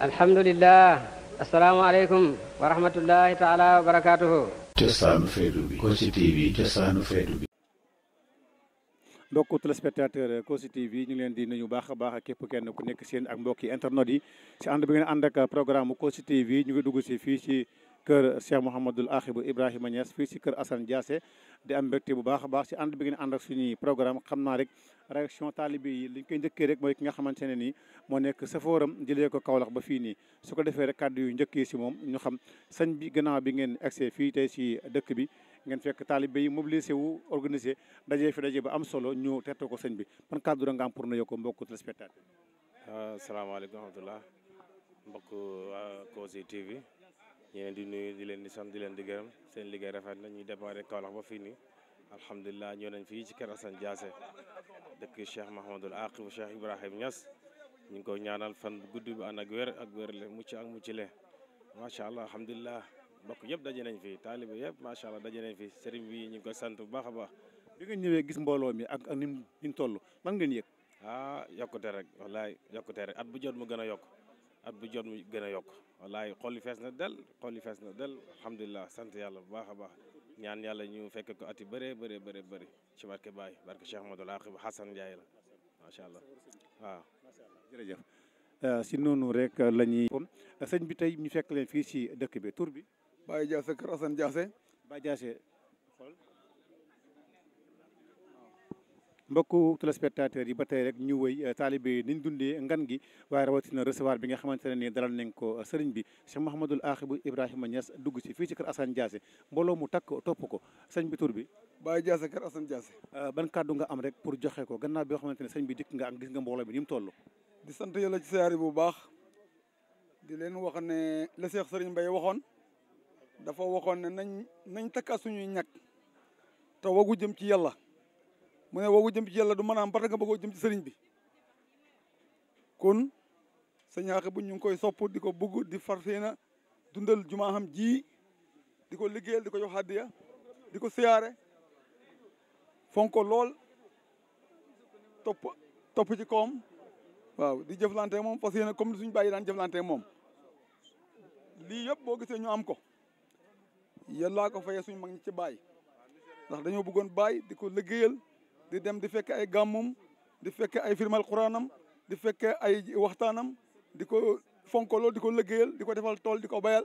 alhamdulilah asalaamaaleykum wa rahmatullahi taala wa barakaatuhu cosaanu feetu bi Kossy TV cosaanu feetu bi mbokku téléspectateur Kossy TV ñu leen di nuyu baax a baax ak képp kenn ku nekk seen ak mbokki internet yi si ànd bi ngeen ànd ak programme Kossy TV ñu ngi dugg si fii si kër Cheikh Muhammadul Akhibou Ibrahima nias fi ci kër Assane Diassé di am mbégte bu baax a baax si ànd bi ngeen ànd ak suñuy programme xamna rek réaction talibé yi liñ koy ñëkke rek moy ki nga ni mo nii sa forum di lé ko kawlax ba fi ni suko défé rek kaddu yu ñëkke ci si dekbi. ñu xam sañ bi gannaaw bi ngeen accès fi tay ci dëkk bi ngeen fekk talibé yi mobilisé wu organisé dajé fi dajé ba am solo ñu tétto ko sëñ bi man kaddu nga am pour nuyoo ko mbokku téléspectateur. Ah, alaykum wa TV ñu di nuyu di leen di sant di leen di gërëm seen liggéey rafet na ñuy déparé Kaolack ba fii nii alhamdulilah ñoo nañ fii ci kër Assane dëkk Cheikh Mahamadul Aqib Cheikh Ibrahim Niass ñu ngi ko ñaanal fan bu gudd bu ànd ak wér ak wér le mucc ak mucc le macha allah alhamdulilah mbokk yëpp daje nañ fi taalibe yëpp macha allah daje nañ fi sëriñ bi ñu ngi ko sant bu baax a baax. bi nga ñëwee gis mbooloo mi ak ak nim mu toll man ngeen yëg. ah yokkute rek wallaay yokkute rek at bu jot mu gën a at bu jot mu gën a yokk wallaay xol yi fees na del xol yi fees na del alhamdulilah sant yàlla bu baax a baax ñaan yàlla ñu fekk ko at yu bëree bëree bëri ci barke Baye barke Cheikh Amadou Aqib Hassan Ndiaye la macha allah waaw. jërëjëf si noonu rek la ñuy. sëñ bi tey ñu fekk leen fii si dëkk bi tur bi. Baye Diassé Kër Assane Diassé. Baye Diassé. mbokku telespectateur yi batay rek ñu wëy euh, talibé yi niñ dundé ngan gi rawati rawatina recevoir bi nga xamantene ni dalal nañ ko euh, sëriñ bi Cheikh Mahamadul Axibu ibrahim Niass dugg si fi ci kër Assane Diassé mbolo mu tak top ko sëriñ bi tour bi Baye Diassé kër Assane Diassé euh, ban kaddu nga am rek pour joxé ko ganna bi nga xamantene sëriñ bi dik nga ak gis nga mbolo bi ni tollu di sant yalla ci siyaare bu baax di leen wax ne le Cheikh Sëriñ mbay waxon dafa waxon ne nañ nañ takka suñu ñak taw wagu jëm ci yalla mune ne jëm ci yàlla du mën am barka que bëggoo jëm ci sëriñ bi kon sëñ bu ñu koy sopp di ko bugg di farseena, dundal juma xam ji di ko liggéeyal di jox hadiya di siyaré fonko lol top top ci kom waaw di jëflanté mom parce que comme suñu bàyyi daan jëflanté mom li yëpp bo gisé ñu am ko yalla ko fayé suñu mag ñi ci ndax dañu bëggoon di liggéeyal di dem di fekk ay gàmmum di fekke ay firmal quraanam di fekk ay waxtaanam di ko fonkoloo di ko liggéeyal di ko defal tool di ko bayal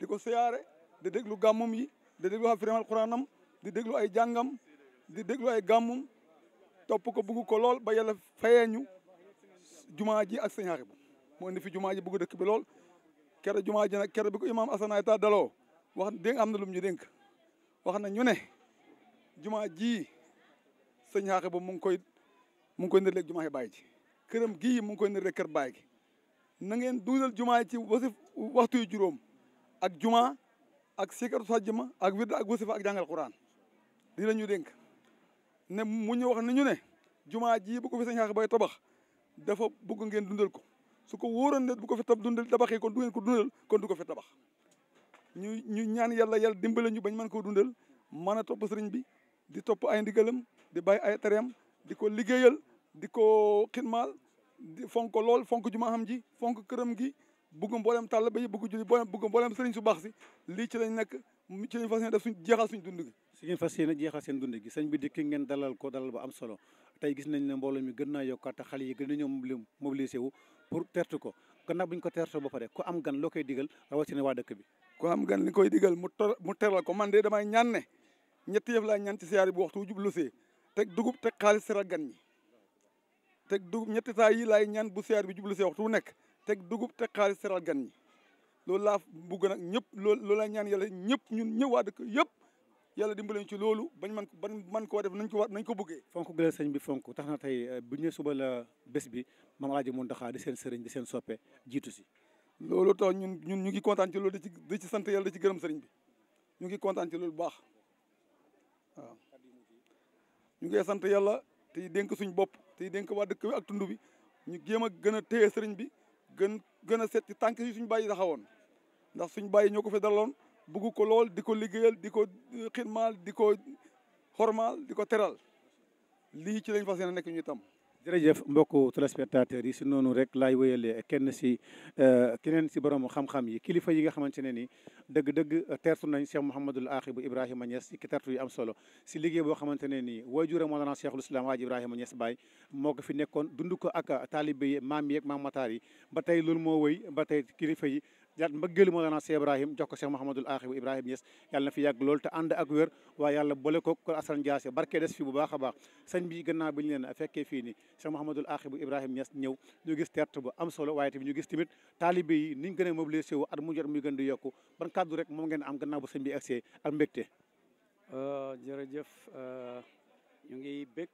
di ko siyaare di déglu gàmmum yi di déglu ay firmal quraanam di déglu ay jàngam di déglu ay gàmmum topp ko bugg ko lool ba yàlla fayee ñu jumaa ji ak sëñaari bu moo indi fi jumaa ji bugg dëkk bi lool kere jumaa ji nag kere bi ko imaam asanaay ta daloo wax dénk am na lum ñu dénk wax na ñu ne jumaa ji sëñ xaaxe bu mu ngi koy mu ngi koy nirleeg jumaa yi bàyyi ji këram gii mu ngi koy nirleeg kër bàyyi ci na ngeen duudal jumaa ci wasif waxtu yu juróom ak jumaa ak sikaru sajjuma ak wirda ak wasifa ak jàngal quran di la ñu dénk ne mu ñu wax ni ñu ne jumaa ji bu ko fi sëñ xaaxe bay tabax dafa bëgg ngeen dundal ko su ko wóoroon ne bu ko fi tab dundal tabaxee kon du ngeen ko dundal kon du ko fi tabax ñu ñu ñaan yàlla yàlla dimbale ñu bañ mën koo dundal mën a topp sëriñ bi di topp ay ndigalam di bàyyi ay tereem di ko liggéeyal di ko xidmaal di fonk ko lool fonk jumaa ji fonk këram gi bugg mboolem tàll ba yi bugg julli mboolem bugg mboolem sëriñ su baax si lii ci lañ nekk ci lañ fas yéene def suñ jeexal suñ dund gi su ngeen fas yéene seen dund gi sëñ bi dikki ngeen dalal ko dalal ba am solo tey gis nañ ne mbooloo mi gën naa yokkaat te xale yi gën na nañoo mobilisé wu pour tert ko gannaaw bu ñu ko tertoo ba pare ku am gan loo koy digal rawatina waa dëkk bi ku am gan li koy digal mu mu teral ko man de damay ñaan ne ñetti yëf laa ñaan ci siyaare bi waxtu jublu see tek dugub tek xaaliss seral gan ñi teg dugub ñetti saa yi lay ñaan bu siyaare bi jublu see waxtu nek tek dugub tek xaaliss seral gan ñi loolu laa bugg nag ñëpp loolu loolu ñaan yalla ñëpp ñun ñëpp waa dëkk yëpp yalla dimbale ñu ci loolu bañ man bañ man ko def nañ ko nañ ko bëggee fonku gëlé sëñ bi fonku taxna tay eh, bu ñu suba la bës bi maam Alaaji Muntaxa di seen sëriñ di seen soppé jitu si lolu taw ñun ñun ñu ngi kontaan ci lolu di ci sante yalla di ci gërëm sëriñ bi ñu ngi kontaan ci lolu baax waaw ñu ngi sant yàlla tey dénk suñ bopp tey dénk waa dëkk bi ak tund bi ñu jéem a gën a téye sëriñ bi gën gën a seet ci tànk yi suñu bàyyi taxawoon ndax suñu bàyyi ñoo ko fi dalaloon bugg ko lool di ko liggéeyal di ko xidmaal di ko xormaal di ko teral lii ci lañ fas yéene nekk ñu itam jërëjëf mbokku téléspectateurs yi si noonu rek laay wéyalee kenn si euh, keneen si borom xam-xam yi kilifa yi nga xamante ne ni dëgg-dëgg tertu nañ Cheikh Mouhamadul Aaxi bu Ibrahima Niass si teertu yu am solo si liggéey boo xamante ne nii waajur Mawlana Cheikhul Islam Waaji Ibrahima Niass Baye moo ko fi nekkoon dund ko ak taalibe yi maam yeeg maam mataar yi ba tey loolu moo wëy mba tey kilifa yi daat mbëggeelu moo daanaa Cheikh Ibrahim jox ko Cheikh Mouhamadul Aaxi bu Ibrahim Niass yàlla na fi yàgg loolu te ànd ak wér waaye yàlla boole ko ko Assane Diass barke des fi bu baax a baax sëñ bi gannaaw bi ñu leen fekkee fii nii Cheikh Mouhamadul Ibrahim Niass ñëw ñu gis tert bu am waaye tamit ñu gis tamit taalibe yi niñ gën a mobilisé wu at mu jot muy gën di yokku ban kàddu rek moom ngeen am gannaaw bu sëñ bi agsee ak mbégte euh, euh, ñu ngi bég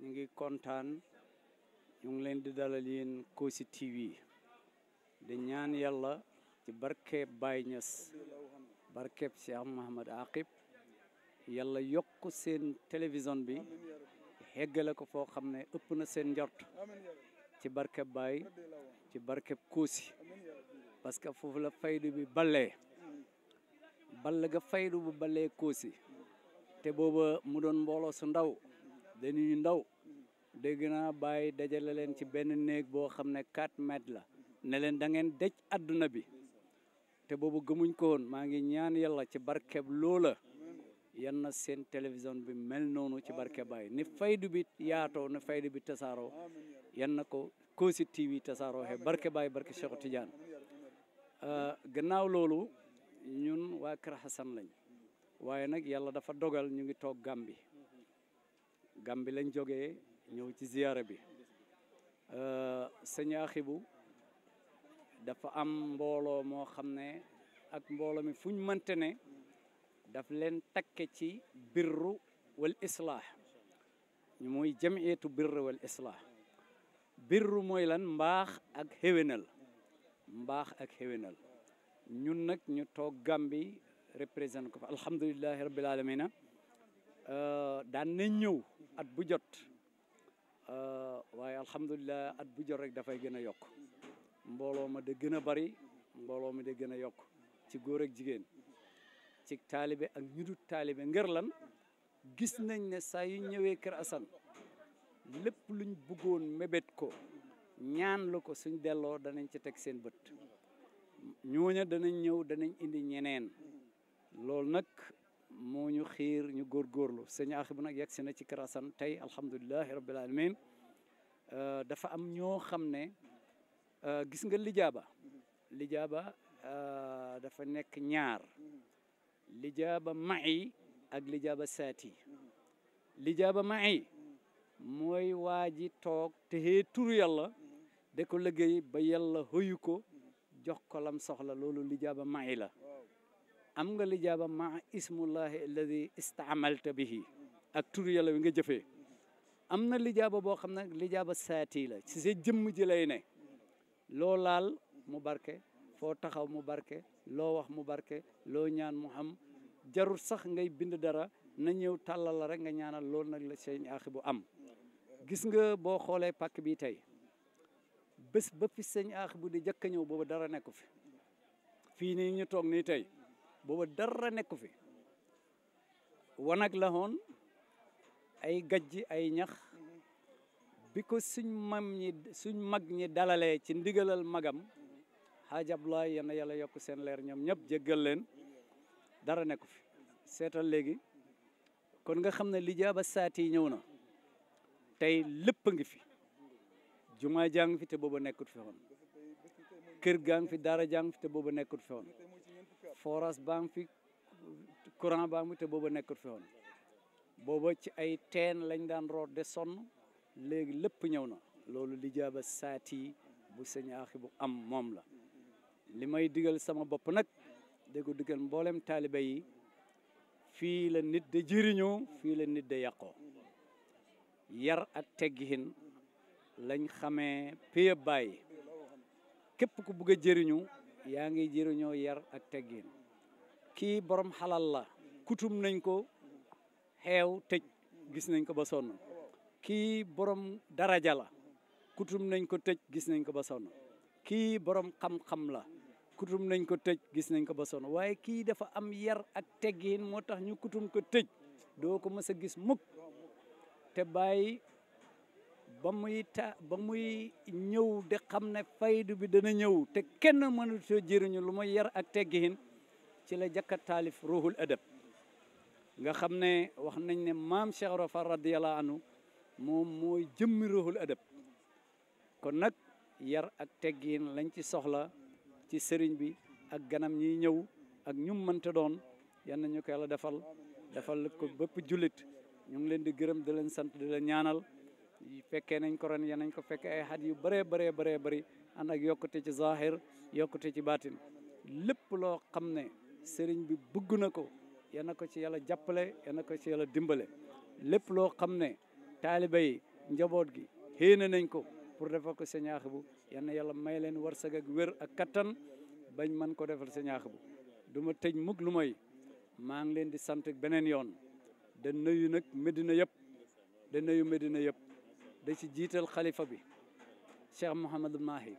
ñu ngi kontaan ñu ngi leen di dalal yéen si TV di ñaan yàlla ci barkeeb Baye Niass barkeeb Cheikh Aqib yàlla yokk seen télévision bi heggale ko foo xam ne ëpp na seen njort ci barkeb Baye ci barkeb Kossy parce que foofu la faydu bi ballee ball ga faydu bu ballee Kossy te booba mu doon mbooloo su ndaw dañuy ndaw dégg naa Baye dajale leen ci benn néeg boo xam ne 4 mètres la ne leen da ngeen dej àdduna bi te boobu gëmuñ ko woon maa ngi ñaan yàlla ci barkeb loola yan na seen télévision bi mel noonu ci barke Baye ni faydu bi yaatoo ne faydu bi tasaaroo yan na ko Kossy TV tasaaroo xe barke Baye barke Cheikh Tidiane ah, gannaaw loolu ñun waa Kër Hassan lañ waaye nag yàlla dafa dogal ñu ngi toog Gàmbi Gàmbi lañ joge ñëw ci ziyaara bi ah, sëñ Axibu dafa am mbooloo moo xam ne ak mbooloo mi fuñ mënte ne daf leen takke ci birru wal islaax ñu muy eetu birru wal islaax birru mooy lan mbaax ak xéwénal mbaax ak xéwénal ñun nag ñu toog Gàmbi représenté ko fa alhamdulilahi rabbil alamina euh, daan nañ ñëw at bu jot euh, waaye alhamdulilah at bu jot rek dafay gën a yokk mbooloo ma da gën a bari mbooloo mi da gën a yokk ci góor ak jigéen ci taalibe ak ñu dul taalibe ngir lan gis nañ ne saa yu ñëwee Kër Assane lépp luñ buggoon mébét ko ñaan la ko suñ delloo danañ ci teg seen bët ñooña danañ ñëw danañ indi ñeneen loolu nag moo ñu xiir ñu góorgóorlu sëñ aax bu nag yegsi na ci Kër Assane tey alhamdulilahi rabbil alamin euh, dafa am ñoo xam ne Eh, gis nga lijaaba lijaaba eh, dafa nekk ñaar lijaaba ma'i ak lijaaba saati lijaaba ma'i mooy waa ji toog te xee turu yàlla da ko liggéey ba yalla xëyu jox ko lam soxla loolu lijaaba ma'i la am nga lijaaba ma ismullahi alladi istaamalta bihi ak turu yàlla wi nga jëfee am na lijaaba boo xam ne lijaaba saati la ci sa jëmm jilay ne loo laal mu barke foo taxaw mu barke loo wax mu barke loo ñaan mu am jarul sax ngay bind dara na ñëw tàllal la rek nga ñaanal loolu nag la seen aaxi bu am gis nga boo xoolee pàkk bi tey bés ba fi sëñ aax bu di jëkk a ñëw booba dara nekk fi fii nii ñu toog nii tey booba dara nekku fi wanag la hoon ay gajji ay ñax bi ko suñ mam ñi suñ mag ñi dalalee ci ndigalal magam xaaj Ablaay yal na yàlla yokk seen leer ñoom ñëpp jéggal leen dara nekku fi seetal léegi kon nga xam ne li jaaba saati ñëw na tey lépp ngi fi jumaa jàng fi te booba nekkut fi woon kër gang fi daara jàng fi te booba nekkut fi woon forage baa fi courant baa fi te booba nekkut fi woon booba ay teen lañ daan root de sonn léegi lépp ñëw na loolu li jaaba saati bu sëñ bu am moom la li may digal sama bopp nag dégg digal mboolem taalibe yi fii la nit de jëriñoo fii la nit de yàqoo yar ak teggihin lañ xamee péye bàyyi képp ku bugg a jëriñu yaa ngi jëriñoo yar ak teggihin kii borom xalal la kutum nañ ko xeew tëj gis nañ ko ba sonn kii borom daraja la kutum nañ ko tëj gis nañ ko ba sonn kii borom xam-xam la kutum nañ ko tëj gis nañ ko ba sonn waaye kii dafa am yar ak teggin moo tax ñu kutum ko tëj doo ko mës a gis mukk te bàyyi ba muy ta ba muy ñëw de xam ne faydu bi dana ñëw te kenn mënut a lu ma yar ak teggin ci la jàkka taalif ruhul adab nga xam ne wax nañ ne maam Cheikh Rafal radiyallahu anhu moom mooy jëmmi ruuxul adab kon nag yar ak teggiin lañ ci soxla ci sëriñ bi ak ganam ñi ñëw ak ñu mënta doon yal na ñu ko yàlla defal defal ko bëpp jullit ñu ngi leen di gërëm di leen sant di ñaanal fekkee nañ ko ren yal nañ ko fekkee ay xat yu bëree bëree bëree bëri ànd ak yokkute ci zahir yokkute ci baatin lépp loo xam ne sëriñ bi bëgg na ko yal ko ci yàlla jàppale yal na ko ci yàlla dimbale lépp loo xam ne talibay njabot gi heena nañ ko pour defal ko señax bu yalla yalla may len warsag ak wér ak katan bañ man ko defal señax bu duma mug lumay ma ngi len di sant benen yoon de nuyu nak Medina yeb de nuyu Medina yeb de ci jital khalifa bi Cheikh mohammed Mahi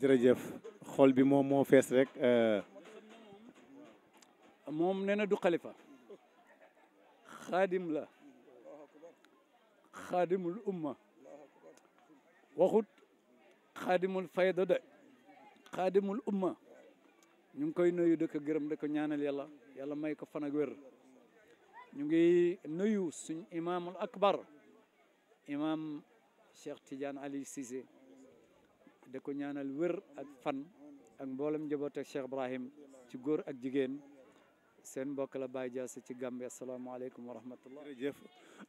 jërëjëf xol bi mo mo fess rek euh, moom nee na du xalifa xaadim la xaadimul umma waxut xaadimul fayda de xaadimul umma ñu ngi koy nuyu di ko gërëm di ko ñaanal yàlla yàlla may ko fan ak wér ñu ngi nuyu suñ imaamul akbar imaam Cheikh Tidiane Ali Cissé di ko ñaanal wér ak fan ak mboolem njaboot ak Cheikh Ibrahim ci góor ak jigéen seen mbokk la Baye Diassé ci Gàmbi asalaamaaleykum wa rahmatullah jërëjëf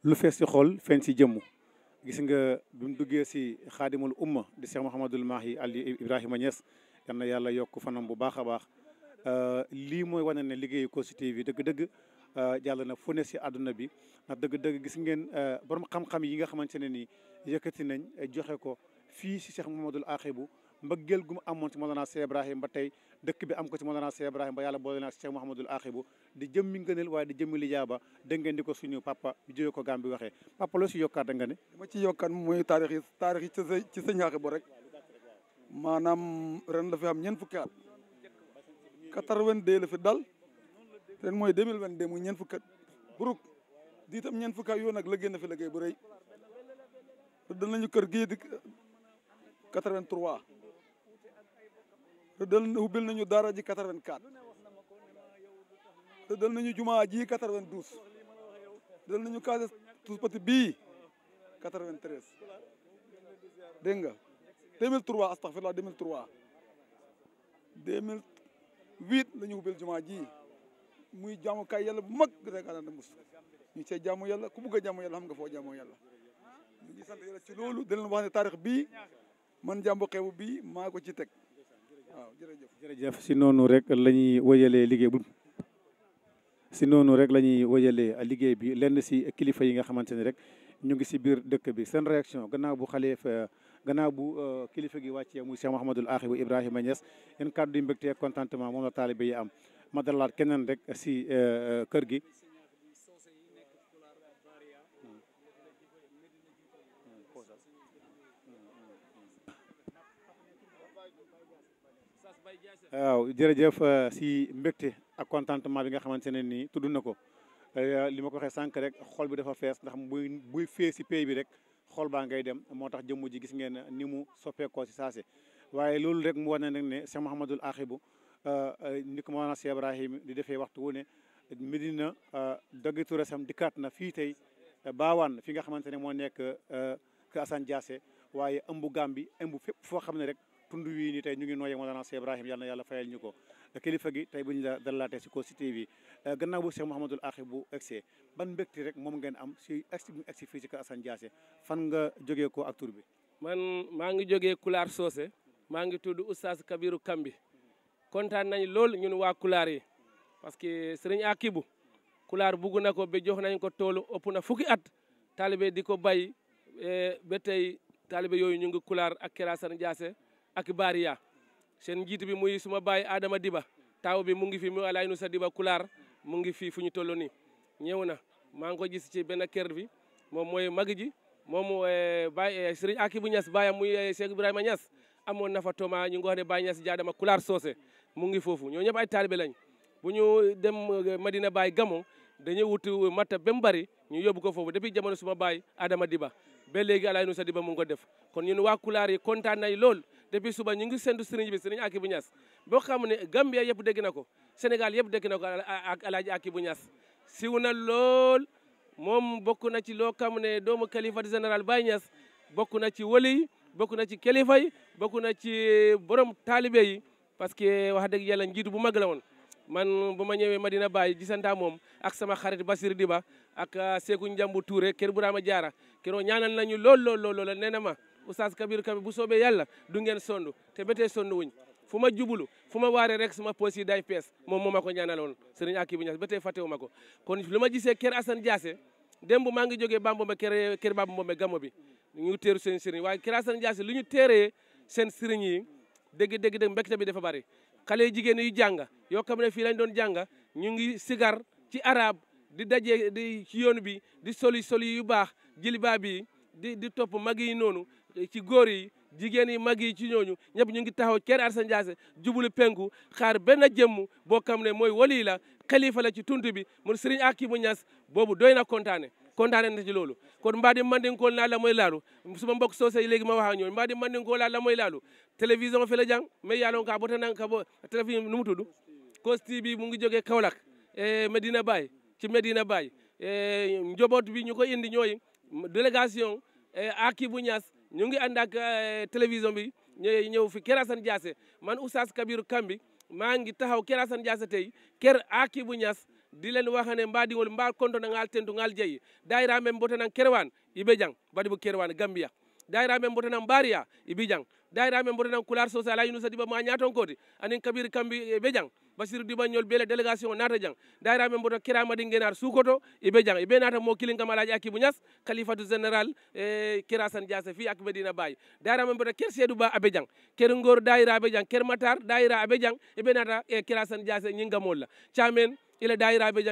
lu fees ci xool feeñ ci jëmm gis nga bi mu duggee si xaadimul umma di Cheikh Mouhamadul Mahi Ali Ibrahima Niass yal na yàlla yokk fanam bu baax a baax euh, lii mooy wane ne liggéeyu Kossy TV dëgg-dëgg euh, jàll na fu ne si àdduna bi ndax dëgg-dëgg gis ngeen euh, borom xam-xam yi nga xamante ne nii yëkkati nañ joxe ko fii si Cheikh Mouhamadul Axibu mbeugel gum mu ci Mawlana Cheikh Ibrahim ba tey dëkk bi am ko ci Mawlana Cheikh Ibrahim ba yalla bolena naa Cheikh Mouhamadul Axibu di mi ngeenel way di jëm li jaba de ngeen diko suñu papa bi jóge ko gambi waxe papa lo ci yokkat da nga ne dama ci yokkaat moy tarikh tarikh ci yi ci sëñ Axibu rek manam ren la fi am ñen fukki at 82 la fi dal ren moy 2022 moy ñen fukki at buruk di itam ñeent fukki at yoo nag liggéey na fi liggéey bu rëy danañu kër gii 83 te dal ubbil nañu daara ji 84 te dal nañu jumaa ji 92 dal nañu Casa Touche Petit bii 93 dégg nga 2003 astaghfirullah 2003 2008 la ñu ubbil jumaa ji muy jaamukaay yàlla bu mag gënakaanaan da mus ñu see jaamu yalla ku bugg a jaamu yàlla nga foo jaamu yàlla ñu ngi sant yàlla ci loolu di leen ne taarix bii man jàmbu xeebu bii maa ko ci teg jërëjëf jërëjëf si noonu rek lañuy ñuy liggéey bu si noonu rek la ñuy wëyalee liggéey bi lenn si kilifa yi nga xamante ni rek ñu ngi si biir dëkk bi seen réaction gannaaw bu xalifa euh, gannaaw bu euh, kilifa gi wàccee muy Cheikh Mouhamadul Axibu Ibrahima Niass yéen kàddu yi mbégte contentement moom la taalibe yi am ma dalalaat keneen rek si euh, kër gi waaw jërëjëf euh, si mbégte ak contentement bi nga xamante ne nii tudd na ko euh, li ma ko waxee sànq rek xool bi dafa fees ndax muy buy fee si pay bi rek xool baa ngay dem moo tax jëmm ji gis ngeen ni mu soppeekoo si saase waaye loolu rek mu war na nag ne Cheikh Mouhamadul Axibu euh, ni ko maanaam Cheikh Ibrahim di defee waxtu wu ne Medina doggitu resam dikaat na fii tey baawaan fi nga xamante ne moo nekk Assane Diassé waaye ëmb Gàmbi ëmb fépp foo xam ne rek tund wii ni tey ñu ngi nooyee Mawlana Cheikh Ibrahim yàlla na ñu ko kilifa gi tey bu ñu la dalalaatee si Kossy TV eh, gannaaw bu Cheikh Mouhamadul Akhir bu egsee ban mbégte rek moom ngeen am si egsi bu egsi fii fan nga jógee ko ak bi man maa ngi jógee Kulaar soose maa ngi tudd Oustaz Kabiru Kambi kontaan nañ lool ñun waa Kulaar yi parce que sëriñ Akibu Kulaar bugg na ko ba jox nañ ko toolu ëpp na fukki at taalibe di ko bay eh, ba tey taalibe yooyu ñu ngi Kulaar ak Kër Assane ak baariya seen njiit bi muy suma baay Adama Diba taaw bi mu ngi fi mu alaay nu sa Diba Kulaar mu ngi fii fu ñu toll nii ñëw na maa ngi ko gis ci benn ker bi moom mooy mag ji moom eh, baay eh, Serigne Akibu Niass baayam muy eh, Cheikh Ibrahima Niass amoon na fa toma ñu ngi wax ne Baay Niass Jaadama Kulaar Soose mu ngi foofu ñoo ñëpp ay taalibe lañ bu ñu dem Madina Baay Gamo dañuy wuti matta ba mu bari ñu yóbbu ko foofu depuis jamono suma baay Adama Diba ba léegi alaay nu sa Diba mu ko def depuis suba ñu ngi sentu sëriñ bi sëriñ Akibu Ñas boo xam ne Gambia yëpp dégg na ko Sénégal yëpp dégg na ko ak alaaji Akibu Ñas siw na lool moom bokk na ci loo xam ne doomu kalifa général Baye Ñas bokk na ci wali bokk na ci kilifa yi bokk na ci borom taalibe yi parce que wax dëgg yàlla njiitu bu mag woon man bu ma ñëwee Madina Baye gisanta moom ak sama xarit Basir Diba ak euh, Seeku Njambu Touré kër Burama Jaara keroo ñaanal nañu lool lool lool lool nee na ma oustaz Kabir bu soobee yàlla du ngeen sondu te ba tey sondu wuñ fu ma jublu fu ma waaree rek sama poos yi day pees moom moo ma ko ñaanaloon sëriñ Akibu Ñas ba tey fàttewu ma ko kon lu ma gisee kër Assane Diassé démb maa ngi jógee Bambombe kër kër Bambombe gamo bi ñu teeru seen sëriñ waaye kër Assane Diassé lu ñu teeree seen sëriñ yi dégg dégg dégg mbégte bi dafa bari xale yu jigéen yu jàng yoo xam ne fii lañ doon jàng ñu ngi sigar ci araab di daje di ci yoon bi di soli soli yu baax jilbaa bi di di topp mag yi noonu ci góor yi jigéen yi yi ci ñooñu ñëpp ñu ngi taxaw Thierno Alassane Ndiassé jublu penku xaar benn jëmm boo xam ne mooy wali la xalifa la ci tunt bi mun Serigne Akibou Niass boobu doy na kontaane kontaane na ci loolu kon mbaadi mandinkool naa la mooy laalu suma mbokk soosé léegi ma wax ak ñoom mbaadi mandinkool naa la mooy laalu télévision fi la jàng mais yàlla ka bota nang ka bo télévision nu mu tudd Kosti bi mu ngi jógee Kaolack e, Medina bay ci Medina Baye e, njoboot bi ñu ko indi ñooy ñu ngi ànd ak euh, télévision bi ñooy ñëw fi Kër Assane Diassé man Oustaz Kabirou Kambi maa ngi taxaw Kër Assane Diassé tey Kër Akibu Niass di leen waxane mbaɗiŋol mba kontona ngal tentu ngal jeeyi dayira men botanan kerwan ibe jang baɗi bo kerwan gambia dayira men botanan mbariya ibi jang dayira men botanan kular social ayinu sadiba ma ñaton koti anin kambi ibe jang basir dibañol bele délégation nata jang dayraɓe mboto kiramadi guenar sukoto iɓe jang iɓe nata mo kilingam alaji akibu ñas kalifatu général e eh, kirasan diasa fi ak medina baye dayraɓe mboto ker seedou ba aɓe jang ker ngor dayira aɓe jang ker matar dayira aɓe jang iɓe nata e eh, kirasan diasa ñingamol la camen ila dayira aɓe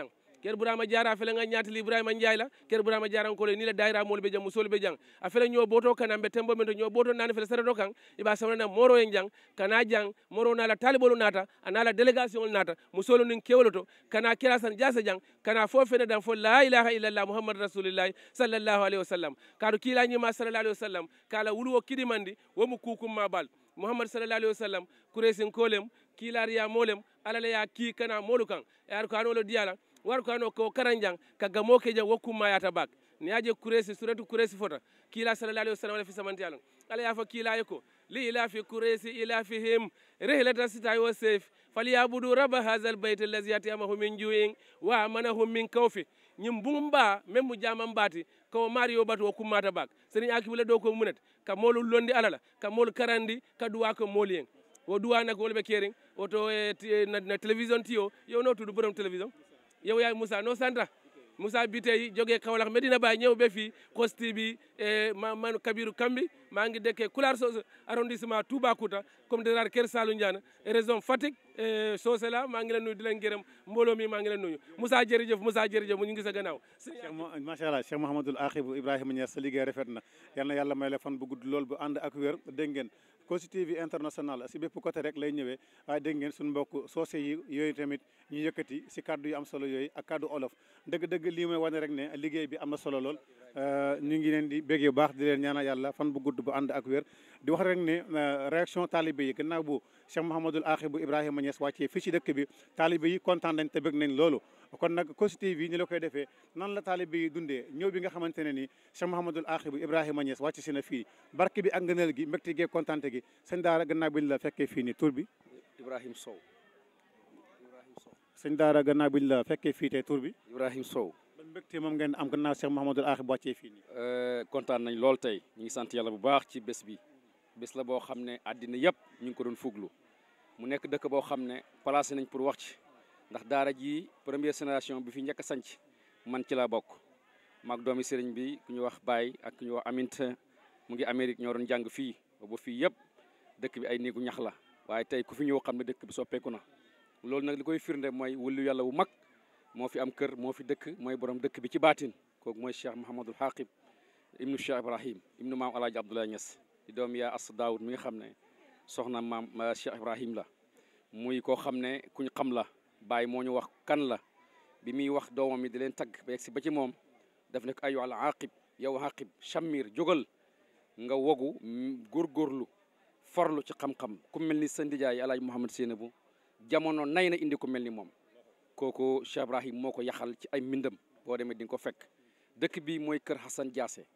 jang ker burama jara fele nga nyaati li ibrahima njaay la ker burama jara ko le ni la daira mol be jam musol jang afele nyo boto kana be tembo men nyo boto nan fele sere dokan iba sawna na moro en kana jang moro na la talibolu nata anala delegation nata musolo nin kewloto kana kira san jasa jang kana fo fene dan fo la ilaha illallah muhammad rasulullah sallallahu wa sallam karu kila nyima sallallahu alaihi sallam kala wulu kidimandi wo mu kukum ma bal muhammad sallallahu alaihi wasallam kuresin kolem kilar ya molem alala e ya ki kana molu kan yar e kanolo diala war ko ano ko karanjang ka mo ke jang wakuma yata bak ni aje kuresi suratu kuresi fota kila sallallahu alaihi wasallam fi samanti alam ala ya fa kila yako li ila fi kuresi ila fihim rihlata sita wa sayf falyabudu rabb hadha albayt alladhi yatamahu min ju'in wa amanahu min kawfi ñim bumba même mu jama bati ko mario batu wakuma ta bak akibu akibula do ko munet ka molu londi alala ka molu karandi ka duwa ko molien wo duwa nak wolbe kering woto eh, na television tiyo yo no tudu borom television yow yaay Moussa noo santa Moussa bi tey jógee Kaolack Medina baa ñëw bee fii Kosti bi eh, man kabiiru Kambi maa ngi dëkkee Kulaar Socé arrondissement Toubacouta comme de Kër Saalum Diané région Fatick euh, Socé la maa ngi leen nuyu di leen gërëm mbooloo mi maa ngi leen nuyu Moussa jërëjëf Moussa jërëjëf mu ñu ngi sa gannaaw allah Cheikh Mouhamadul Akhibou Ibrahima Niass sa liggéey rafet na yal may la fan bu gudd lool bu ànd ak wér dégg ngeen Kossy TV international si bépp côté rek lay ñëwee waaye dégg ngeen suñu mbokk soose yi yooyu tamit ñu yëkkati si kaddu yu am solo yooyu ak kaddu olof dëgg lii mooy wane rek ne liggéey bi am na solo lool euh, ngi leen di bégee bu baax di leen ñaanal yàlla fan gudd gudd gu ànd ak wér di wax rek ne euh, réaction taalibé yi gannaaw bu Cheikh Mouhamadul Aaxi bu Ibrahima Niass wàccee fii ci dëkk bi taalibé yi kontaan nañ te bëgg nañ loolu kon nag Kossy TV ni la koy defee nan la taalibé yi dundee ñëw bi nga xamante ne ni Cheikh Mouhamadul Aaxi bu Ibrahima Niass wàcc si na fii barke bi ak ngëneel gi mbégte gee kontaante gi sëñ daara gannaaw bi la fekkee fii ni tur bi Ibrahima Sow sëñ daara gannaaw bi la fekkee fii tey tur bi Ibrahima Sow mbégte moom ngeen am gannaaw Cheikh Mouhamadul Aaqib wàccee fii nii. Euh, kontaan nañ lool tey ñu ngi sant yàlla bu baax ci bés bi bés la boo xam ne àddina yëpp ñu ngi ko doon fuglu mu nekk dëkk boo xam ne placé nañ pour wax ci ndax daara ji première génération bi fi ñekk a sanc man ci laa bokk maag doomi sëriñ bi ku ñu wax Baye ak ku ñu wax Aminta mu ngi Amérique ñoo doon jàng fii ba fii yëpp dëkk bi ay néegu ñax la waaye tey ku fi ñëw xam ne dëkk bi soppeeku na loolu nag mo fi am kër mo fi dëkk mooy borom dëkk bi ci baatin kooku mooy cheikh Mouhamadul Xaaqib ibnu cheikh Ibrahim ibnu maam El Hadj Abdoulaye Niass di doom yaa as daoud mi nga xam ne soxna maam cheikh Ibrahim la. muy koo xam ne kuñ xam la Baye moo ñu wax kan la bi muy wax doomam mi di leen tagg ba yegsi ba ci moom daf ne ko ayu al Aqib yow Aqib Chamir jógal nga wogu góorgóorlu forlu ci xam-xam ku mel ni sa ndijaay El Hadj Mouhamad jamono nay na indi ku mel ni moom. kooku Cheikh Ibrahim moo ko yaxal ci ay mbindam boo demee di nga ko fekk dëkk bi mooy kër Hassan Diassé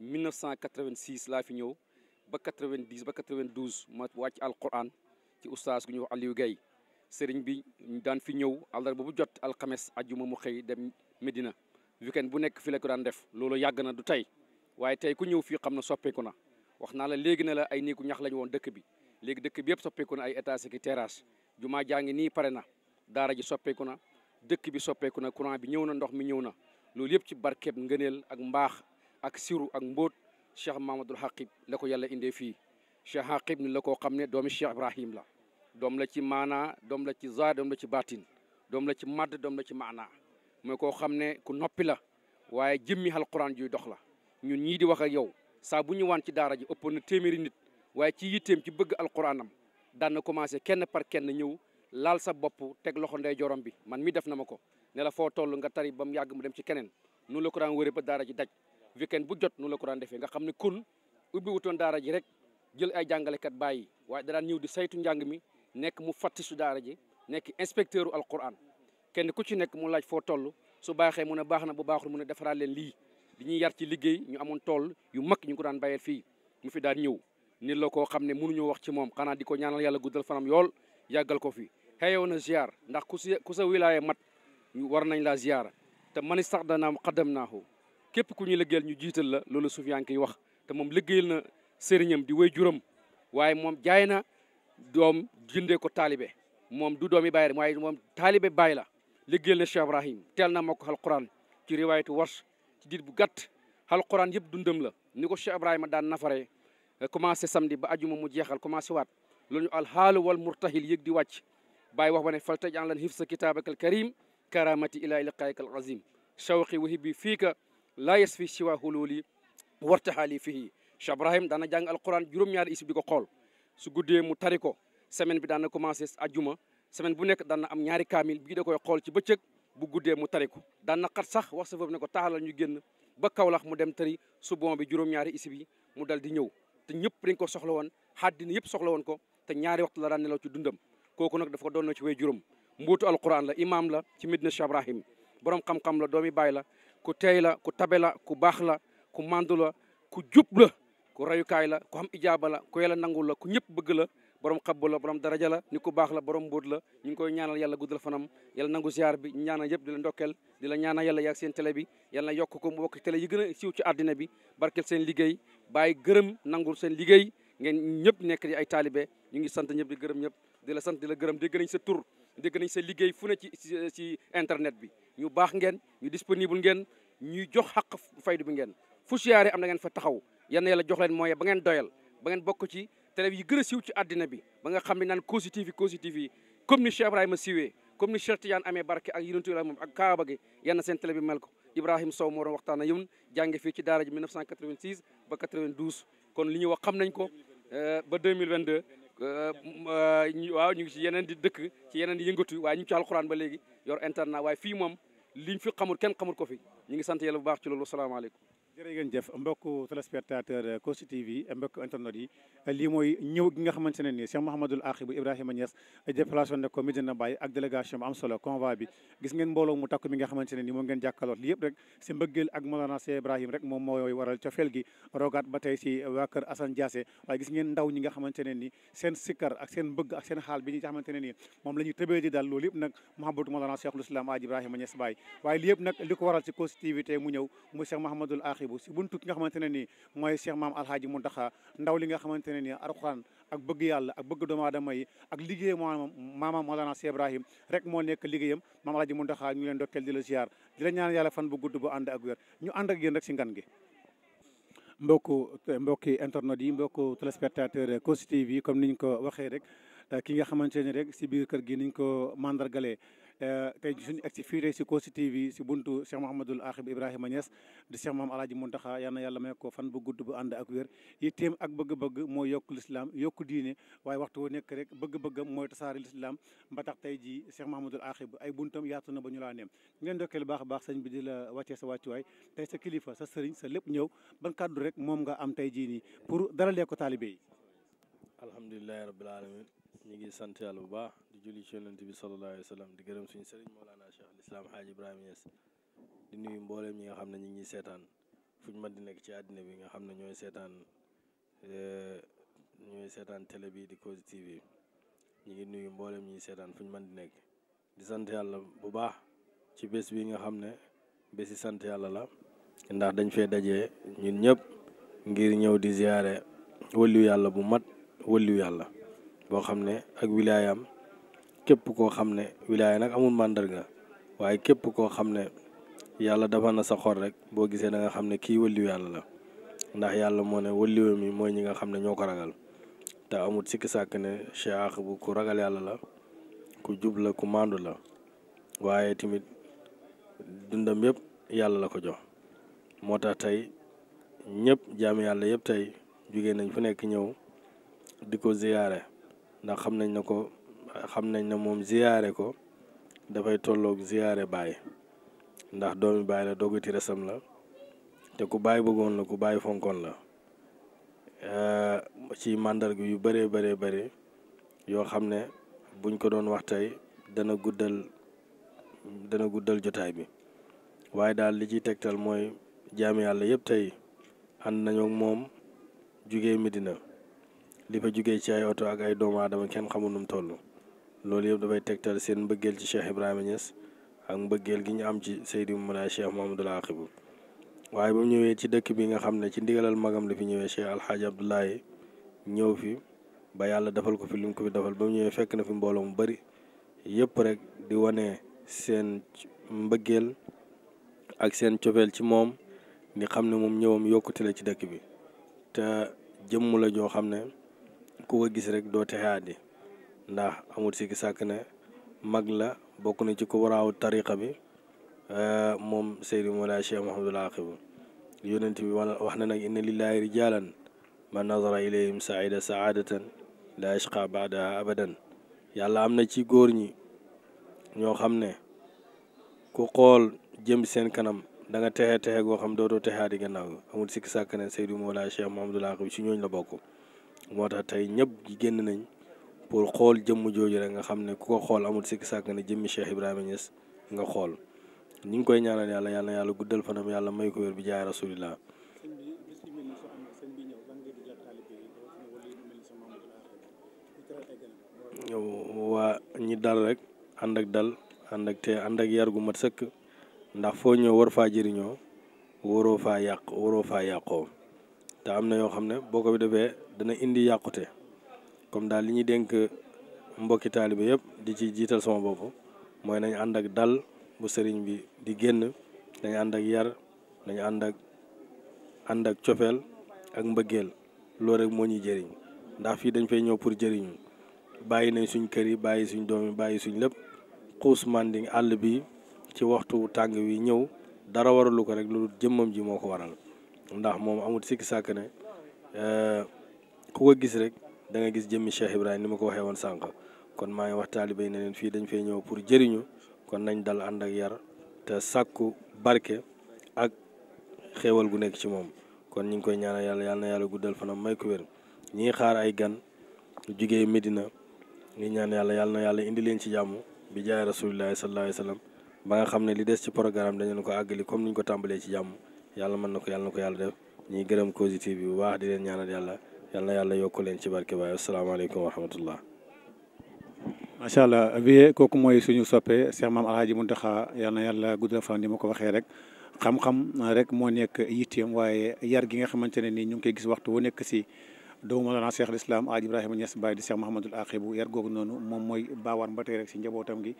1986 laa fi ñëw ba 90 ba 92 ma wàcc alquran ci oustaz gu ñuy wax Aliou Guèye sëriñ bi daan fi ñëw àllarba bu jot alxames ajjuma mu xëy dem Medina weekend bu nekk fi la ko daan def loolu yàgg na du tey waaye tey ku ñëw fi xam na soppeeku na wax naa la léegi ne la ay ku ñax lañu woon dëkk bi léegi dëkk bi yëpp soppeeku na ay étage ak terrasse jumaa jaa ngi nii daara ji soppeeku na dëkk bi soppeeku na courant bi ñëw na ndox mi ñëw na loolu yëpp ci barkeeb ngëneel ak mbaax ak siru ak mbóot cheikh mahamadul haqib la ko yàlla indee fii cheikh haqib ni la koo xam ne doomi cheikh ibrahim la doom la ci maanaa doom la ci za doom la ci baatin doom la ci madd doom la ci maanaa mooy koo xam ne ku noppi la waaye jëmmi alquran juy dox la ñun ñii di wax ak yow saa bu ñu waan ci daara ji ëppoon na téeméeri nit waaye ci yitteem ci bëgg alquranam daan na commencé kenn par kenn ñëw laal sa bopp teg loxo ndey bi man mi def na ma ko ne la foo toll nga tari ba mu yàgg mu dem ci keneen nu la ko daan wëree ba daara ji daj weekend bu jot nu la ko daan defee nga xam ne kun ubbi wutoon daara ji rek jël ay jàngalekat bàyyi waaye da daan ñëw di saytu njàng mi nekk mu fattisu daara ji nekk inspecteuru alquran kenn ku ci nekk mu laaj foo toll su baaxee mu ne baax na bu baaxul mu ne defaraat leen lii di ñuy yar ci liggéey ñu amoon tool yu mag ñu ko daan bàyyeel fii mu fi daan ñëw nit la koo xam ne mënuñoo wax ci moom xanaa di ko ñaanal yàlla guddal fanam yool yàggal ko fi xeeyow na ziar ndax ku si ku sa wilaaye mat war nañ laa ziar te man sax danaa xaddam naahu képp ku ñu liggéeyal ñu jiital la loolu Soufiane kiy wax te moom liggéeyal na sëriñam di way juróom waaye moom jaay na doom jëndee ko taalibe moom du doom yi bàyyi waaye moom taalibe bàyyi la liggéeyal na Cheikh Ibrahim teel na mokk alquran ci riwaayatu Warsh ci diir bu gàtt alquran yëpp dundam la ni ko Cheikh Ibrahima daan nafaree commencé samedi ba ajuma mu jeexal commencé waat loolu ñu alxaalu yëg di wàcc باي وحبنا فلتج عن الحفظ كتابك الكريم كرامتي إلى لقائك العظيم شوقي وهبي فيك لا يسفي سوى هلولي وارتحالي فيه Cheikh Ibrahim daana jàng alquran juróom-ñaari isib di ko xool su guddee mu tari ko semaine bi daana commencé ajjuma semaine bu nekk daan na am ñaari kaamil bii da koy xool ci bëccëg bu guddee mu tari ko daan na xat sax wax sa foofu ne ko taxalal ñu génn ba Kaolack mu dem tari su bon bi juróom-ñaari isib yi mu dal di ñëw te ñëpp dañ ko soxla woon xaddina yëpp soxla woon ko te ñaari waxtu la daan nelaw ci dundam kooku nag dafa ko doon na ci way juróom mbuutu alquran la imaam la ci Medina Cheikh Ibrahim borom xam-xam la doomi baay la ku teey la ku tabe la ku baax la ku mandu la ku jub la ku rayukaay la ku xam ijaaba la ku yàlla nangul la ku ñëpp bëgg la borom xabbu la borom daraja la ni ku baax la borom mbóot la ñu ngi koy ñaanal yàlla guddal fanam yàlla nangu siyaar bi ñaanal yëpp di la ndokkeel di la ñaanal yàlla yaag seen télé bi yàlla yokk ko mu bokk télé yi gën a siiw ci àddina bi barkeel seen liggéey bàyyi gërëm nangul seen liggéey ngeen ñëpp nekk di ay taalibe ñu ngi sant ñëpp di gërëm ñëpp di la sant di la gërëm dégg nañ sa tour dégg nañ sa liggéey fu ne ci ci internet bi ñu baax ngeen ñu disponible ngeen ñu jox xaq faydu bi ngeen fu siyaare am na ngeen fa taxaw yalla yalla jox leen moye ba ngeen doyal ba ngeen bokku ci télé yi gëna a ci adina bi ba nga xam ne naan Kossy TV comme ni Cheikh Ibrahima siiwee comme ni Cheikh Tidiane amé barké ak yonentu Yàlla mom ak Kaaba gi yalla na seen télé bi mel ko Ibrahima Sow moo doon waxtaan ak yow jànge ci daara ji 1986 ba 92 kon li ñu wax xam nañ ko euh, ba 2022 Euh, euh, waaw ñu ngi ci yeneen di dëkk ci yeneen di yëngatu waaye ñu ngi ci ba léegi yor internet waaye fii moom liñ fi xamul kenn xamul ko fi ñu ngi sant yàlla bu baax ci loolu salaamaaleykum jërë ngeen jëf mbokk téléspectateur Kossy TV mbokk internet yi lii mooy ñëw gi nga xamante ne nii Cheikh Mouhamadoul bu Ibrahim rek moom mooy waaye gis ngeen ndaw li ko waral si Kossy TV tey mu ñëw muy Cheikh Mouhamadoul Akhibou bu si buntut nga xamantene ni moy Cheikh mam Alhaaji Muntaxa ndaw li nga xamantene ni nii ak bëgg yalla ak bëgg dooma adama yi ak liggéey Cheikh Ibrahim rek mo nek liggéeyam mam alhaji muntaha ñu leen dokkel di la ziar di la ñaan yalla fan bu gudd bu and ak wër ñu and ak yeen rek ci ngan gi mbokk mbokk internet yi mbokk téléspectateur Kossy TV comme niñ ko waxé rek ki nga xamantene rek si biir kër gi niñ ko mandargalé Eh, tey suñu egsi fii tey ci Kossy TV si buntu Cheikh Mouhamadul Akhib Ibrahima Niass di Cheikh Maam Alaaji Muntaxa yal Yalla may ko fan bu gudd bu and ak wér yitteem ak bëgg-bëgg mooy yok l'islam yok diine way waxtu wo nek rek bëgg bëgg moy tassar l'islam ba tax tay ji Cheikh Mouhamadul Akhib ay buntam yaatu na ba ñu la neem ngeen dokkel baax baax bi di la wàccee sa way tay sa kilifa sa señ sa lepp ñew ban kaddu rek mom nga am tay ji ni pour dalalee ko talibé yi alhamdullilah rabbil alamin ñu ngi sant yàlla bu baax di julli ci yonent bi sallallahu alayhi wa di gërëm suñu sëriñ Mawlana Cheikh al Islam Haaj Ibrahima Niass di nuyu mbooleem ñi nga xam ne ñu ngi seetaan fu ñu mën di nekk ci àddina bi nga xam ne ñooy seetaan eh, ñooy seetaan télé bi di Kossy TV ñu ngi nuyu mbooleem ñi seetaan fu ñu mën di nekk di sant yàlla bu baax ci bés bi nga xam ne bési sant yàlla la ndax dañ fee dajee ñun ñëpp ngir ñëw di ziyaare wëllu yàlla bu mat wëllu yàlla boo xam ne ak wilaayaam képp koo xam ne wilaaya nag amul màndarga waaye képp koo xam ne yàlla dafa na sa xol rek boo gisee da nga xam ne kii wëlliw yàlla la ndax yàlla moo ne wëlliw mi mooy ñi nga xam ne ñoo ko ragal te amul sikki sàkk ne cheikh bu ku ragal yàlla la ku jub la ku màndu la waaye tamit dundam yëpp yàlla la ko jox moo tax tey ñëpp jaami yàlla yëpp tey jugéen nañ fu nekk ñëw di ko ziyaare ndax xam nañ na ko xam nañ ne moom ziyaare ko dafay tolloog ziyaare baay ndax doomi baay la dogati resam la te ku baay bëggoon la ku baay fonkoon la eh, ci màndarga yu bëree bëree bëri yoo xam ne buñ ko doon wax tey dana guddal dana guddal jotaay bi waaye daal li ciy tegtal mooy jaam yàlla yëpp tey ànd nañoo moom jugee Medina li fa jugee ci ay oto ak ay doomu aadama kenn xamul nu mu toll loolu yëpp dafay tegtal seen mbëggeel ci Cheikh Ibrahima Niass ak mbëggeel gi ñu am ci Seydi Moulay Cheikh Mouhamadoul Aaqib waaye ba mu ñëwee ci dëkk bi nga xam ne ci ndigalal magam la fi ñëwee Cheikh Alxaaji Abdoulaye ñëw fi ba yàlla defal ko fi lim ko fi defal ba mu ñëwee fekk na fi mbooloo mu bari yëpp rek di wane seen mbëggeel ak seen cofeel ci moom ni xam ne moom ñëwam yokkute la ci dëkk bi te jëmm joo xam ne ku ko gis rek doo texaadi ndax amut sikki sàkk ne mag la bokk na ci ku waraaw tariqa bi eh, moom Seydi Mawlaa Cheikh Mahamadul Aqib yonent bi wax na nag inna lillahi rijalan man nazara ilayhim saida saadatan la yashqa yàlla am na ci góor ñi ñoo xam ne ku xool jëm seen kanam da nga texe texe goo xam dootoo texaadi gannaaw amut sikki sàkk ne Seydi Mawlaa Cheikh Mahamadul Aqib si ñooñ la bokk moo tax tey ñëpp génn nañ pour xool jëmm jooju rek nga xam ne ku ko xool amul sikki sàkk ne jëmmi Cheikh Ibrahima Niass nga xool ñu ngi koy ñaanal yàlla yàlla yàlla guddal fanam yàlla may ko wér bi jaay rasulillah waa ñi dal rek ànd ak dal ànd ak te ànd ak yar gu mat sëkk ndax foo ñëw war faa jëriñoo waroo faa yàq waroo faa yàqoo te am na yoo xam ne boo ko defee dana indi yàqute comme daal li ñuy denk mbokki taalibe yëpp di ci jiital sama bopp mooy nañ ànd ak dal bu sëriñ bi di génn dañ ànd ak yar dañ ànd ak ànd ak cofeel ak mbëggeel loolu rek moo ñuy jëriñ ndax fii dañ fay ñëw pour jëriñu bàyyi nañ suñ kër yi bàyyi suñ doom yi bàyyi suñ lépp xuus manding àll bi ci waxtu tàng wi ñëw dara waralu ko rek loolu jëmmam ji moo ko waral ndax moom amul sikki sàkk ne euh, ku ko gis rek da nga gis jëmmi Cheikh Ibrahima ni ma ko waxee woon sànq kon maa ngi wax taalibe yi ne leen fii dañ fee ñëw pour jëriñu kon nañ dal ànd ak yar te sàkku barke ak xéewal gu nekk ci moom kon ñu ngi koy ñaanal yàlla yàlla na yàlla guddal fanam may ko wér ñii xaar ay gan jugee Medina ñu ñaan yàlla yàlla na yàlla indi leen ci jàmm bi jaay rasulillahi sallallahu alayhi wa sallam ba nga xam ne li des ci programme dañu ko àggali comme niñ ko tàmbalee ci jàmm yàlla mën na ko yàlla ko yàlla def ñuy gërëm Kossy TV bu baax di leen ñaanal yàlla yàlla yokk leen ci barke baay asalaamaaleykum wa rahmatullah macha allah bi kooku mooy suñu soppe Cheikh Maam Alhaji Mountakha taxa na yàlla guddal fan ni ma ko waxee rek xam-xam rek moo nekk yitteem waaye yar gi nga xamante ne nii ñu ngi koy gis waxtu wu nekk si doomu Mawlana Cheikh al Islam Alhaji Ibrahima Niass Baye di Cheikh Mahamadul Aqibu yar googu noonu moom mooy baawaan ba rek si njabootam gi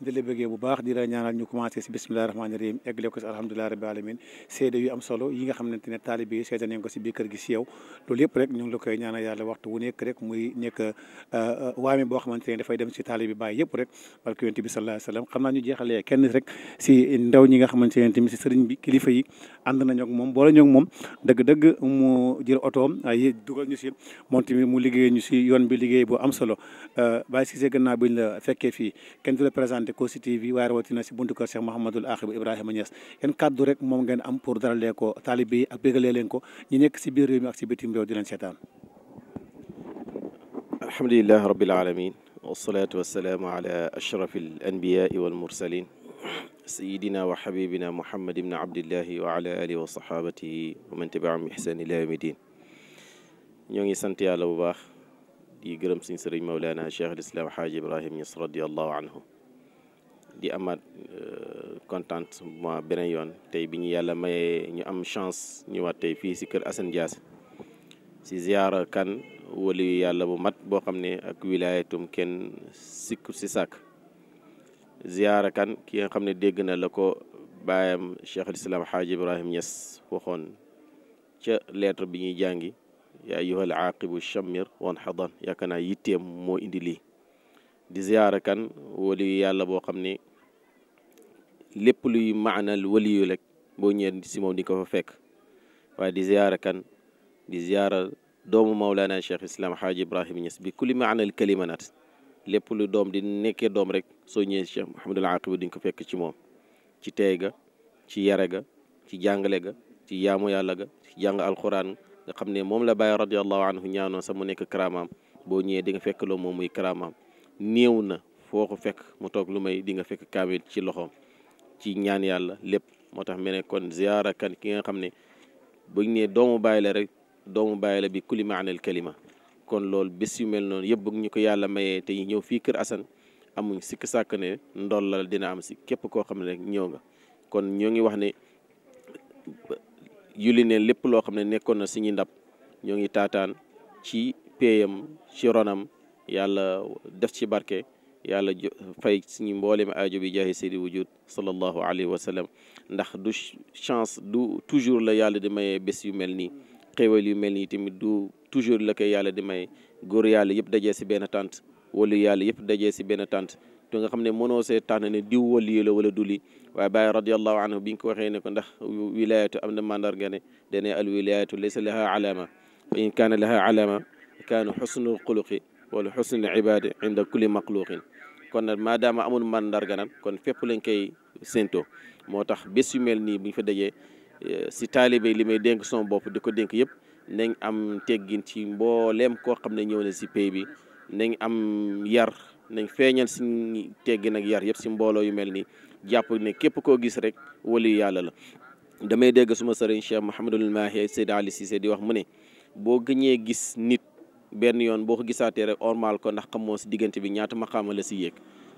di la bëggee bu baax di la ñaanal ñu commencé si bisimilahi rahmaani rahim eggale ko si alhamdulilahi rabbi alamin seede yu am solo yi nga xamante ne taalibe yi seede nañ ko biir kër gi si loolu yëpp rek ñu la koy ñaanal yàlla waxtu wu nekk rek muy nekk euh, euh, waame boo xamante dafay dem si taalibe bàyyi yëpp rek barke yonent bi sallallahu alayhi wasallam xam naa ñu jeexalee kenn rek si ndaw ñi nga xamante ne si sëriñ bi kilifa yi ànd nañu ak moom boole ñoo ak moom dëgg-dëgg mu jël mu liggéey ñu si yoon bi liggéey bu am solo euh, bàyyi si gën naa buñ la fekkee fii kenn du présenté Kossy TV waaye rawatina si buntu kër Cheikh Mouhamadul Akhibou Ibrahima Niass yan kàddu rek moom ngeen am pour daralee ko taalibe yi ak bégalee leen ko ñu nekk si biir réew mi ak si bitim réew di leen seetaan alhamdulilah rabbil alamin wasalaatu wasalaamu ala ashrafi al anbiyai wal mursalin sayidina wa xabibina muhammad ibni abdillahi wa ala alihi wa sahabatihi wa man tabiahum ihsan ila yawmi din ñoo ngi sant yàlla bu baax di gërëm suñ sëriñ mawlana cheikh al islam xaaji ibrahim ñas radiallahu anhu di amaat euh, contentement beneen yoon tey bi ñu yàlla mayee ñu am chance ñëwaat tey fii si kër Assane si ziyaara kan wali yàlla bu mat boo xam ne ak wilaayatum kenn sikku si sàkk ziyaara kan ki nga xam ne dégg na la ko baayam Cheikh al Islam Ibrahim Niass waxoon ca lettre bi ñuy jàngi yaa ayyuhal aaqibu shammir wan xadan yaakaar yitteem moo indi lii di ziyaara kan waliyu yàlla boo xam ne lépp luy maanal waliyu rek boo ñëwee si moom di ko fa fekk waaye di ziyaara kan di ziyaara doomu Mawlana Cheikh Islam Haaj Ibrahim Ñas bi kulli maanal kalimanat lépp lu doom di nekkee doom rek soo ñëwee Cheikh Mouhamadul Aqib di nga ko fekk ci moom ci tey ga ci yare ga ci jàngale ga ci yaamu yàlla ga ci jàng alquran nga xam ne moom la bàyyi radiallahu anhu ñaanoo sax mu nekk karaamaam boo ñëwee di nga fekk moom muy karaamaam néew na foo ko fekk mu toog lu may dinga fekk kaamil ci loxoom ci ñaan yàlla lépp moo tax mene kon ziyaara kan ki nga xam ne buñ ne doomu bàyyi la rek doomu bàyyi la bi kulli maanal kon loolu bés yu mel noonu yëpp bëgg ñu ko yàlla mayee te ñëw fii Kër Assane amuñ sikk sàkk ne ndollal dina am si képp koo xam ne rek ñëw nga kon ñoo ngi wax ne yulli ne lépp loo xam ne nekkoon na suñu ndab ñoo ngi taataan ci péyam ci ronam يالا دفتي باركة يالا فاي سني مبالي ما أجو بيجاه سيدي وجود صلى الله عليه وسلم ندخ دو شانس دو توجور لا يالا دمائي بس يملني قيوال يملني تيم دو توجور لك يالا دمائي غور يالا يب دجاه سي بينا تانت ولي يالا يب دجاه سي بينا تانت تونغا خمني مونو سي تانا ني دو ولي يلا ولا دولي وابي رضي الله عنه بينكو خيني كون دخ ولاية أمن ماندر غاني دني الولاية ليس لها علامة وإن كان لها علامة كان حسن القلق ولحسن العبادة عند كل مخلوق كون ما دام امون من دار غنام كون فيب لنجي سينتو موتاخ بيسي ملني بي في دجي سي طالبي لي مي دينك سون بوب ديكو دينك ييب نين ام تيغين تي مبولم كو خامن نيو سي بي بي نين ام يار نين فينيال سي تيغين اك يار ييب سي مبولو يو ملني جاب ني كيب كو غيس ريك ولي يالا لا damay dégg suma sëriñ cheikh mohamadul mahi sayd ali sisé di wax benn yoon boo ko gisaatee rek ormal ko ndax xamoo si diggante bi ñaata maqaama la si yéeg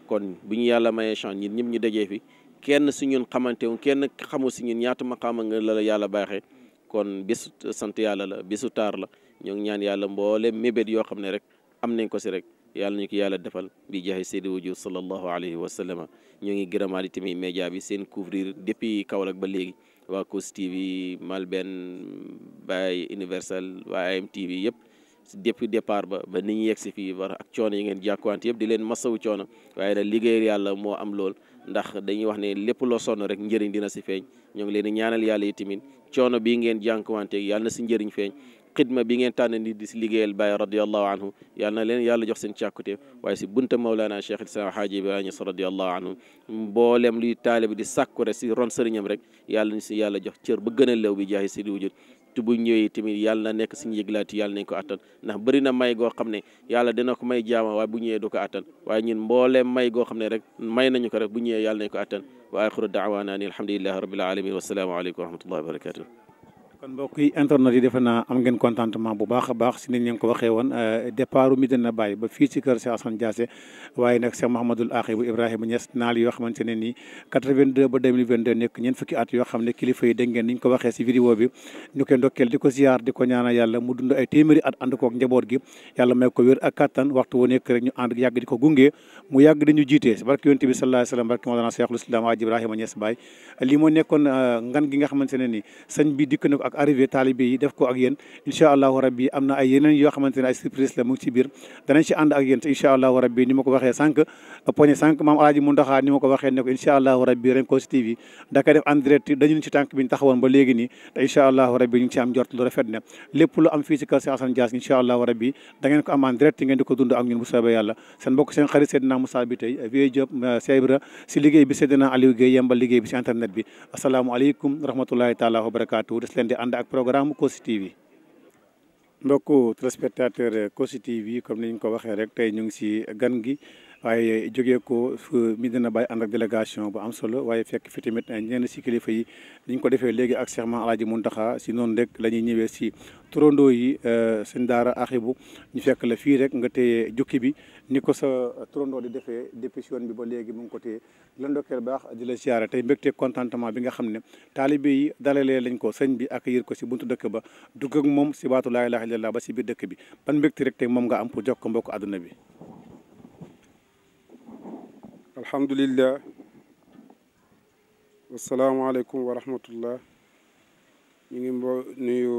kon bu ñu yàlla mayee chance ñun ñëpp ñu dajee fi kenn si ñun xamante wu kenn xamu si ñun ñaata maqaama nga la yàlla baaxee kon bisu sant yàlla la bisu taar la ñoo ñaan yàlla mboole mébét yoo xam ne rek am nañ ko si rek yàlla ñu ko yàlla defal bi jaxe seydi wujud sallallahu alayhi wa sallama ñoo ngi gërëmaali tamit média bi seen couvrir depuis Kaolack ba léegi waa Kossy TV Malben Baye Universal waa IMTV yëpp depuis départ ba ba ni ñu yegg si fii war ak coono yi ngeen jàkk jàkkuwante yëpp di leen masawu coono waaye na liggéey yàlla moo am lool ndax dañuy wax ne lépp loo sonn rek njëriñ dina si feeñ ñoo ngi leen di ñaanal yàlla itamit coono bi ngeen jànkuwante yàlla na si njëriñ feeñ xidma bi ngeen tànn di si liggéeyal Baay radiallahu anhu yàlla na leen yàlla jox seen càkkute waaye si bunta Mawlana Cheikh Islam Haaji Ibrahima Niass radiallahu anhu mboolem luy taale bi di sàkku si ron sëriñam rek yàlla ni si yàlla jox cër ba gën a bi jaaye si di wujud tu bu ñëwee tamit yàlla nekk si yëglaati yàlla nañ ko attan ndax bëri na may goo xam ne yàlla dina ko may jaama waaye bu ñëwee du ko attan waaye ñun mboole may goo xam ne rek may nañu ko rek bu ñëwee yàlla nañ ko attan wa axiru daawaana ani alhamdulillahi rabbil alamin wasalaamu aleykum wa rahmatullahi wa barakatuh kon mbokk yi internet yi defe naa am ngeen contentement bu baax a baax si ni ñu ko waxee woon euh, départu Médina Baye ba fii ci kër Cheikh Assane Diassé waaye nag Cheikh Mouhamadoul Akhibou Ibrahima Niass naal yoo xamante ne nii 82 ba 2022 nekk ñeent fukki at yoo xam ne kilifa yi dégg ngeen ni ko waxee si vidéo bi ñu koy ndokkeel di ko ziar di ko ñaanal yàlla mu dund ay téeméeri at ànd kook njaboot gi yàlla may ko wér ak waxtu wu nekk rek ñu ànd yàgg di ko gunge mu yàgg dañu jiitee barke yonent bi sallallahu alayhi wasallam barke Mawlana Cheikhul Islam Ibrahima Niass lii moo nekkoon euh, ngan gi nga xamante ne nii sëñ bi dikk na arrivé taalibe def ko ak yéen incha allahu rabbi am na ay yeneen yoo xamante ay surprise la mu ngi ci biir danañ ci ànd ak yéen te incha allahu rabbi ni ma ko waxee sànq poñe sànq maam alaaji mu ndoxaa ni ma ko waxee ne ko incha allahu rabbi Renkoos TV daka def en direct dañu ci tànk bi ñu taxawoon ba léegi te incha allahu rabbi ñu ci am jort lu rafet ne lépp lu am fii seen xarit Seydina Moussa bi euh, si liggéey bi Seydina Aliou Guèye wa barakaatu ànd ak programme Kossy TV mbokku téléspectateur Kossy TV comme ni ñu ko waxee rek tey ñu ngi si gan gi waaye jóge ko Medina Baye ànd ak délégation bu am solo waaye fekk fi tamit ñenn si kilifa yi ni ko defee léegi ak Cheikh Maam Alaaji Muntaxa si noonu rek la ñuy ñëwee si turandoo yi euh, seen daara bu ñu fekk la fii rek nga téye jukki bi ni ko sa turandoo di defee depuis yoon bi ba léegi mu ngi ko téye di baax di la siyaare tey mbégte contentement bi nga xam ne taalibe yi dalalee lañ ko sëñ bi ak yër ko si buntu dëkk ba dugg ak moom si waatu laa ilaaha la ba si biir dëkk bi ban mbégte rek moom nga am pour jox ko mbokk àdduna bi alhamdulillah asalaamaaleykum wa rahmatullah ñu ngi mbo nuyu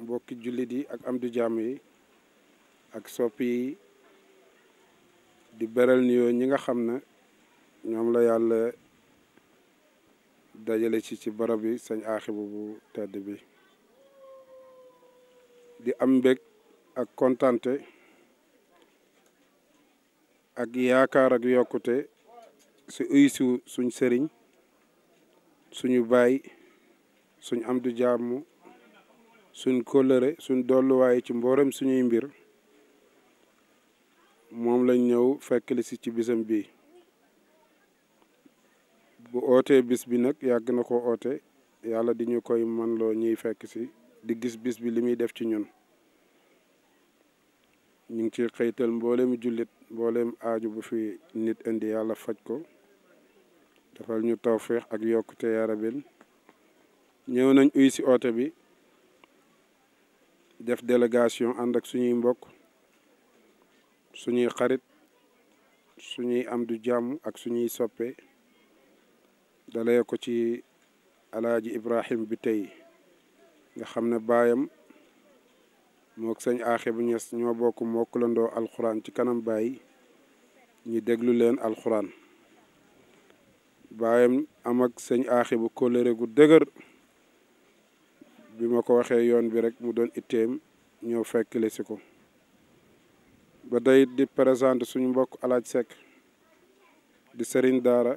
mbokki jullit yi ak am du jàmm yi ak soppi yi di beral nuyoo ñi nga xam ne ñoom la yàlla dajale ci ci barab yi sañ aaxibu bu tedd bi di am mbég ak kontante ak yaakaar ak yokkute si uysu suñ sëriñ suñu bàyyi suñ amdu jàmm suñ kóllëre suñ dolluwaay ci mbooram suñuy mbir moom lañ ñëw fekkli si ci bisam bii bu ootee bis bi nag yàgg na koo oote yàlla di ñu koy manloo ñuy fekk si di gis bis bi li muy def ci ñun ñu ngi ci xëytal mboolemi jullit mbooleem aajo bu fi nit indi yàlla faj ko dafal ñu tawféex ak yokkute yarabin ñëw nañ uy si oote bi def délégation ànd ak suñuy mbokk suñuy xarit suñuy am du jàmm ak suñuy soppe dalee ko ci alaaji ibrahim bi tey nga xam ne baayam mook sëñ aaxe bu ñes ñoo bokk mokkulandoo alxuraan ci kanam bàyyi ñu déglu leen alxuraan baayam am ak sëñ aaxe bu kóllëre gu dëgër bi ma ko waxee yoon bi rek mu doon itteem ñëw fekkle si ko ba day di présenté suñu mbokk alaaj sekk di sëriñ daara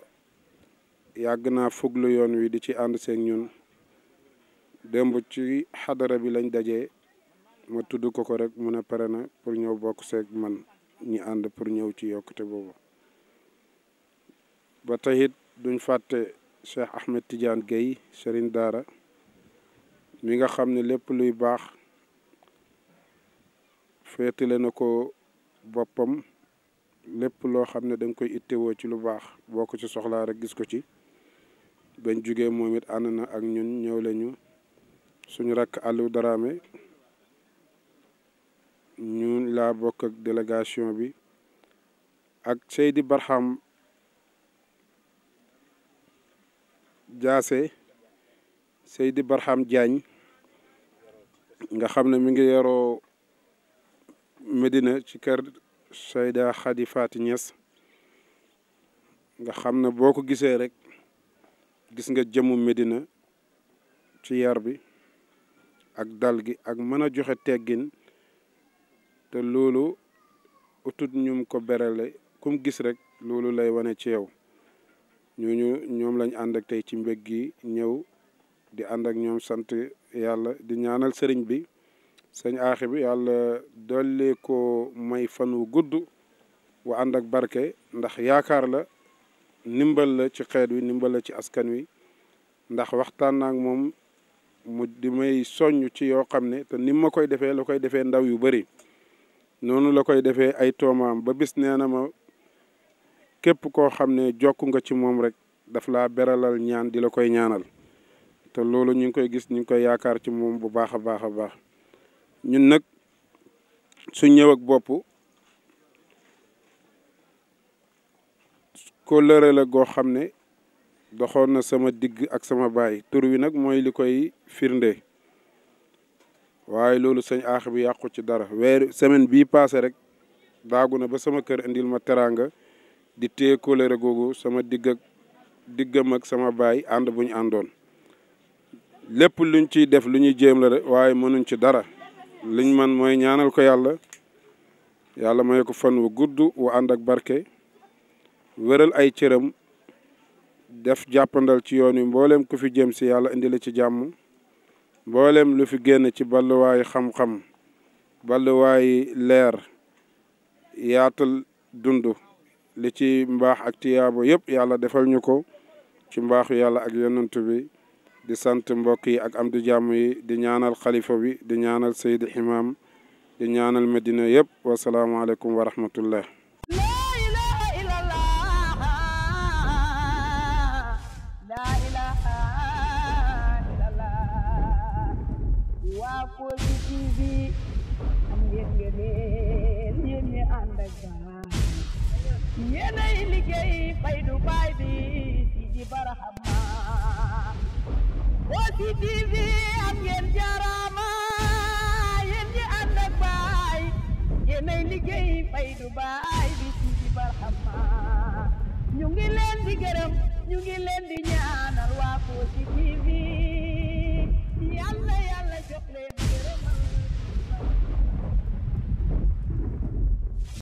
yàgg naa fuglu yoon wi di ci ànd seeg ñun démb ci xadara bi lañ dajee ma tudd ko ko rek mu ne pare na pour ñëw bokk seeg man ñi ànd pour ñëw ci yokkute boobu ba tey it duñ fàtte Cheikh Ahmed Tidiane Gueye Serigne Daara mi nga xam ne lépp luy baax féetale na ko boppam lépp loo xam ne danga koy ittewoo ci lu baax boo ko ci soxlaa rek gis ko ci bañ jóge moom it ànd na ak ñun ñëw lañu suñu rakk àllu daraame ñu la bokk ak bi ak Seydi Barham Jaase Seydi Barham Jaañ nga xam ne mi ngi yaroo Medina ci kër Seyda Xadi Faati Ñas nga xam ne boo ko gisee rek gis nga jëmu Medina ci yar bi ak dal gi ak mën a joxe teggin te loolu utut ñum ko berale kum gis rek loolu lay wane ci yow ñooñu ñoom lañ ànd tey ci mbég gi ñëw di ànd ñoom sant yàlla di ñaanal sëriñ bi sëñ aaxi bi yàlla dolli ko may fan wu gudd wa ànd ak barke ndax yaakaar la ndimbal la ci xeet wi ndimbal la ci askan wi ndax waxtaan naag moom mu di may soñ ci yoo xam ne te ni ma koy defee la koy defee ndaw yu bari noonu la koy defee ay toomaam ba bis nee na ma képp koo xam ne jokk nga ci moom rek daf laa beralal ñaan di la koy ñaanal te loolu ñu ngi koy gis ñu ngi koy yaakaar ci moom bu baax a baax a baax ñun nag su ñëw ak bopp kóllëre la goo xam ne doxoon na sama digg ak sama baay tur wi nag mooy li koy firnde waaye loolu sëñ aax bi yàqu ci dara weer semaine bii passé rek daagu na ba sama kër indil ma teraanga di téye kóllëre googu sama digg ak diggam ak sama baay ànd bu ñu àndoon lépp luñ ciy def lu ñuy jéem la rek waaye mënuñ ci dara liñ man mooy ñaanal ko yàlla yàlla may ko fan wu gudd wu ànd ak barke wéral ay cëram def jàppandal ci yoon wi mbooleem ku fi jëm si yàlla indi la ci jàmm mboolem lu fi génn ci balluwaayu xam-xam balluwaayu leer yaatal dund li ci mbaax ak tiyaabo yëpp yàlla defal ñu ko ci mbaax yàlla ak yonent bi di sant mbokk yi ak am du jàmm yi di ñaanal xalifa bi di ñaanal saydi imaam di ñaanal madina yëpp wasalaamaaleykum wa rahmatullah yéenay liggéey Faydu Baay bi Sidi Barhama OTTV am ngeen jaaraama yéen ñi ànd ak Baay yéenay liggéey Faydu Baay bi Sidi Barhama ñu ngi leen di gërëm ñu ngi leen di ñaanal waa OTTV yàlla